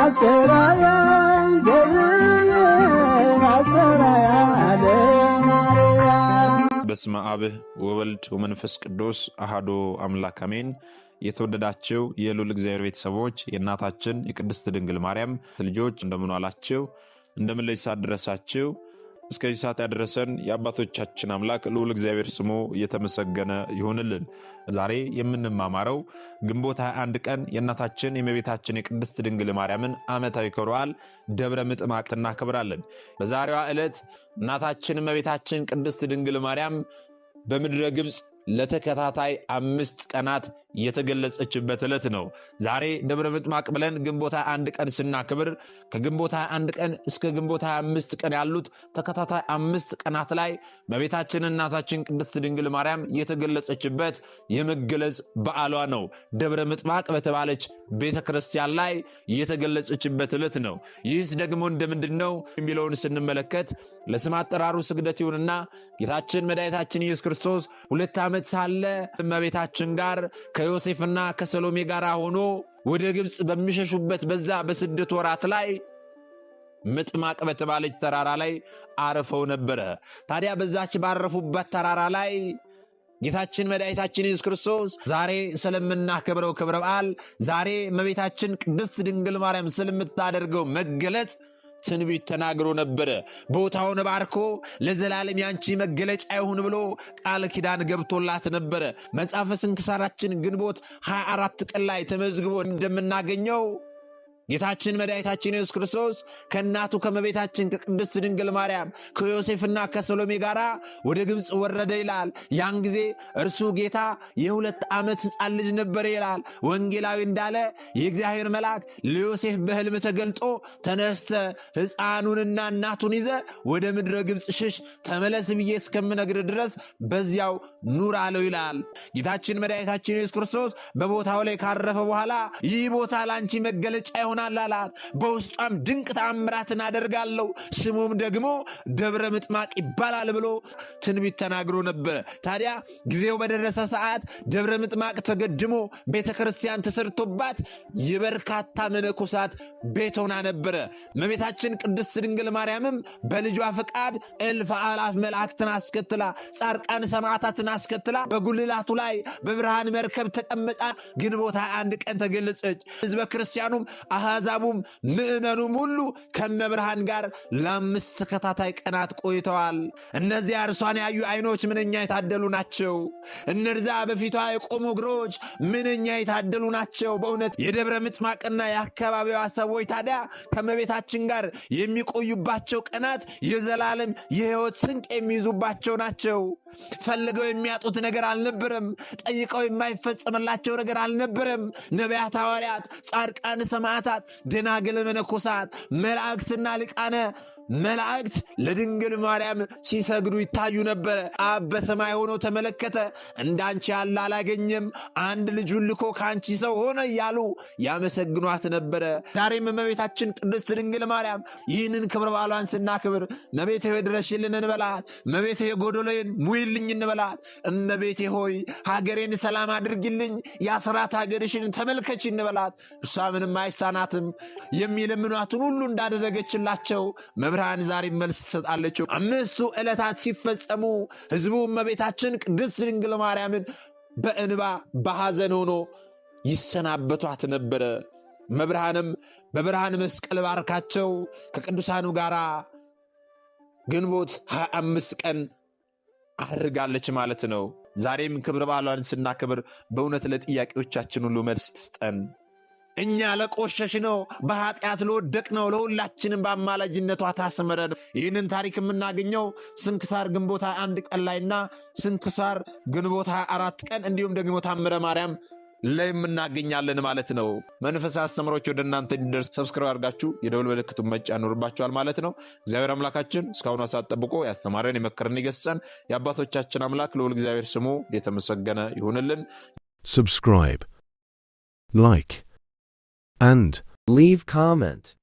አስተራያ ገብርኤል አስተራያ በስመ አብ ወወልድ ወመንፈስ ቅዱስ አሃዶ አምላክ አሜን። የተወደዳችሁ የሉል እግዚአብሔር ቤተሰቦች የእናታችን የቅድስት ድንግል ማርያም ልጆች እንደምን ዋላችሁ? እንደምን ለይ እስከዚህ ሰዓት ያደረሰን የአባቶቻችን አምላክ ልዑል እግዚአብሔር ስሙ እየተመሰገነ ይሁንልን። ዛሬ የምንማማረው ግንቦት 21 ቀን የእናታችን የእመቤታችን የቅድስት ድንግል ማርያምን ዓመታዊ ክብረ ደብረ ምጥማቅ እናከብራለን። በዛሬዋ ዕለት እናታችን እመቤታችን ቅድስት ድንግል ማርያም በምድረ ግብፅ ለተከታታይ አምስት ቀናት የተገለጸችበት ዕለት ነው። ዛሬ ደብረ ምጥማቅ ብለን ግንቦት አንድ ቀን ስናክብር ከግንቦት አንድ ቀን እስከ ግንቦት አምስት ቀን ያሉት ተከታታይ አምስት ቀናት ላይ በቤታችን እናታችን ቅድስት ድንግል ማርያም የተገለጸችበት የመገለጽ በዓሏ ነው። ደብረ ምጥማቅ በተባለች ቤተ ክርስቲያን ላይ የተገለጸችበት ዕለት ነው። ይህስ ደግሞ እንደምንድን ነው የሚለውን ስንመለከት ለስም አጠራሩ ስግደት ይሁንና ጌታችን መድኃኒታችን ኢየሱስ ክርስቶስ ሁለት ዓመት ሳለ መቤታችን ጋር ከዮሴፍና ከሰሎሜ ጋር ሆኖ ወደ ግብፅ በሚሸሹበት በዛ በስደት ወራት ላይ ምጥማቅ በተባለች ተራራ ላይ አርፈው ነበረ። ታዲያ በዛች ባረፉበት ተራራ ላይ ጌታችን መድኃኒታችን ኢየሱስ ክርስቶስ ዛሬ ስለምናከብረው ክብረ በዓል ዛሬ እመቤታችን ቅድስት ድንግል ማርያም ስለምታደርገው መገለጽ ትንቢት ተናግሮ ነበረ። ቦታውን ባርኮ ለዘላለም ያንቺ መገለጫ ይሁን ብሎ ቃል ኪዳን ገብቶላት ነበረ። መጽሐፈ ስንክሳራችን ግንቦት 24 ቀን ላይ ተመዝግቦ እንደምናገኘው ጌታችን መድኃኒታችን ኢየሱስ ክርስቶስ ከእናቱ ከመቤታችን ከቅድስት ድንግል ማርያም ከዮሴፍና ከሰሎሜ ጋር ወደ ግብፅ ወረደ ይላል። ያን ጊዜ እርሱ ጌታ የሁለት ዓመት ሕፃን ልጅ ነበር ይላል። ወንጌላዊ እንዳለ የእግዚአብሔር መልአክ ለዮሴፍ በሕልም ተገልጦ ተነስተ ሕፃኑንና እናቱን ይዘ ወደ ምድረ ግብፅ ሽሽ፣ ተመለስ ብዬ እስከምነግር ድረስ በዚያው ኑር አለው ይላል። ጌታችን መድኃኒታችን ኢየሱስ ክርስቶስ በቦታው ላይ ካረፈ በኋላ ይህ ቦታ ለአንቺ መገለጫ ይሆናል አላት። በውስጧም ድንቅ ተአምራትን አደርጋለሁ ስሙም ደግሞ ደብረ ምጥማቅ ይባላል ብሎ ትንቢት ተናግሮ ነበረ። ታዲያ ጊዜው በደረሰ ሰዓት ደብረ ምጥማቅ ተገድሞ ቤተ ክርስቲያን ተሰርቶባት የበርካታ መነኮሳት ቤት ሆና ነበረ። እመቤታችን ቅድስት ድንግል ማርያምም በልጇ ፈቃድ እልፍ አላፍ መላእክትን አስከትላ ጻድቃን ሰማዕታትን አስከትላ በጉልላቱ ላይ በብርሃን መርከብ ተቀምጣ ግንቦት አንድ ቀን ተገለጸች። ህዝበ ክርስቲያኑም አሕዛቡም ምዕመኑም ሁሉ ከመብርሃን ጋር ለአምስት ተከታታይ ቀናት ቆይተዋል። እነዚያ እርሷን ያዩ ዓይኖች ምንኛ የታደሉ ናቸው። እነርዛ በፊቷ የቆሙ እግሮች ምንኛ የታደሉ ናቸው። በእውነት የደብረ ምጥማቅና የአካባቢዋ ሰዎች ታዲያ ከመቤታችን ጋር የሚቆዩባቸው ቀናት የዘላለም የሕይወት ስንቅ የሚይዙባቸው ናቸው። ፈልገው የሚያጡት ነገር አልነበረም። ጠይቀው የማይፈጸምላቸው ነገር አልነበረም። ነቢያት፣ ሐዋርያት፣ ጻድቃን፣ ሰማዕታት መነኮሳት፣ ደናግለ መነኮሳት፣ መላእክትና ሊቃነ መላእክት ለድንግል ማርያም ሲሰግዱ ይታዩ ነበረ። አብ በሰማይ ሆኖ ተመለከተ፣ እንዳንቺ ያለ አላገኘም፣ አንድ ልጁን ልኮ ከአንቺ ሰው ሆነ እያሉ ያመሰግኗት ነበረ። ዛሬም እመቤታችን ቅድስት ድንግል ማርያም ይህንን ክብረ በዓሏን ስናክብር እመቤቴ ሆይ ድረሽልን እንበላት፣ እመቤቴ ጎዶሎዬን ሙይልኝ እንበላት። እመቤቴ ሆይ ሀገሬን ሰላም አድርጊልኝ፣ የአስራት ሀገርሽን ተመልከች እንበላት። እሷ ምንም አይሳናትም፣ የሚለምኗትን ሁሉ እንዳደረገችላቸው መብራ ብርሃን ዛሬ መልስ ትሰጣለች። አምስቱ ዕለታት ሲፈጸሙ ህዝቡ እመቤታችን ቅድስት ድንግል ማርያምን በእንባ በሐዘን ሆኖ ይሰናበቷት ነበረ። መብርሃንም በብርሃን መስቀል ባርካቸው ከቅዱሳኑ ጋር ግንቦት 25 ቀን አድርጋለች ማለት ነው። ዛሬም ክብረ በዓሏን ስናክብር በእውነት ለጥያቄዎቻችን ሁሉ መልስ ትስጠን። እኛ ለቆሸሽ ነው፣ በኃጢአት ለወደቅ ነው፣ ለሁላችንም በአማላጅነቷ ታስምረን። ይህንን ታሪክ የምናገኘው ስንክሳር ግንቦት አንድ ቀን ላይና ስንክሳር ግንቦት አራት ቀን እንዲሁም ደግሞ ታምረ ማርያም ላይ የምናገኛለን ማለት ነው። መንፈሳዊ አስተምሮች ወደ እናንተ እንዲደርስ ሰብስክራይብ አድርጋችሁ የደወል ምልክቱን መጫን ይኖርባችኋል ማለት ነው። እግዚአብሔር አምላካችን እስካሁኑ ሰዓት ጠብቆ ያስተማረን የመከረን የገሰጸን የአባቶቻችን አምላክ ልዑል እግዚአብሔር ስሙ የተመሰገነ ይሁንልን። ሰብስክራይብ ላይክ and leave comment.